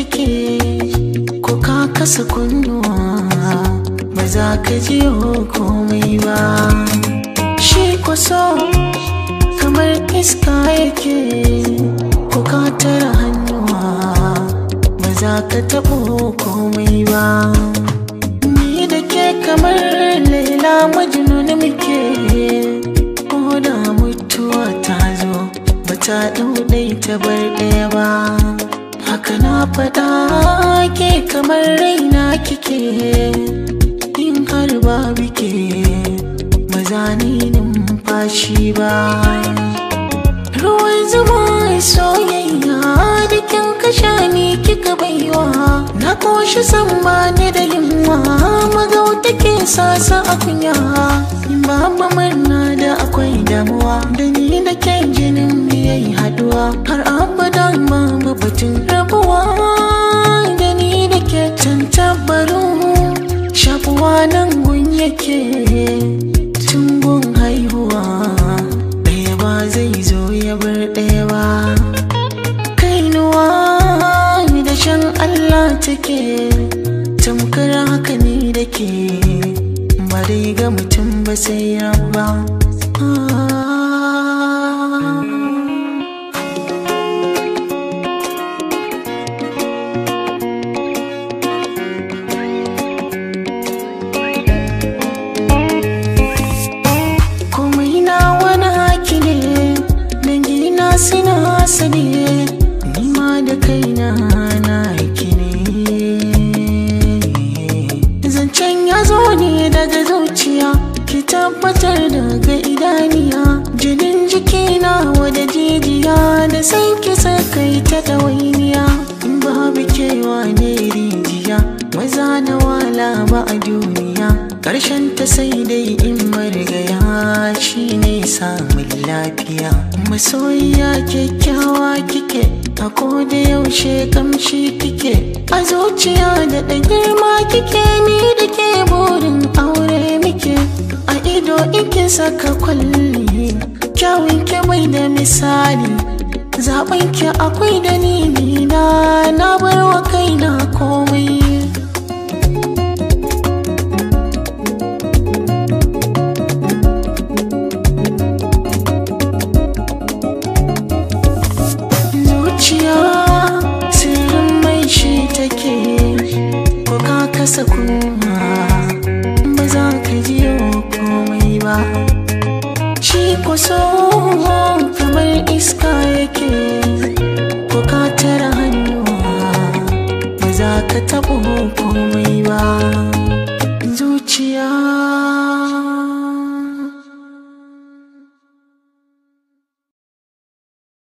kake ko ka kasa kunnuwa ba za ka ji komai ba shi kwaso kamar iska yake ko ka tara hannuwa ba za ka taɓo komai ba ni da ke kamar laila majnun muke ko da mutuwa ta zo ba ta ta bar ɗaya ba kana na faɗa ke kamar raina kike in har ba bike mazani numfashi ba ruwan zuma soyayya kin kasha ne kika baiwa na koshi samma ne da yunwa magau ke sasa a kunya ma manna da akwai damuwa da ni da kyan jinin yayi haduwa har abadan ma batun rabuwa da ni da ke can tabbarin shafuwa nan gun yake tun haihuwa ɗaya ba zai zo ya bar ɗaya ba kainuwa da shan allah take tamkar haka ni da ke ba dai ga mutum ba sai ba sani ma da kaina na aiki ne zancen ya zo ne daga zuciya ki tabbatar daga idaniya jinin jikina wada jijiya da sai ki ta ɗawainiya in babu kewa ne rijiya maza na wala ba a duniya ƙarshen ta sai dai in shi ne samun lafiya masoyiya kyakkyawa kike a koda yaushe kamshi kike a zuciya da ɗan girma kike ni da ke burin aure muke a ido ike saka kwalli kyawun ke bai da misali zaɓen ki akwai ni na na bar wa kaina komai shi kamar iska yake ko ka tara hannuwa za ka taɓa hukun